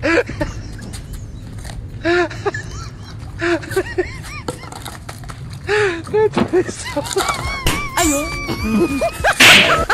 哎呦！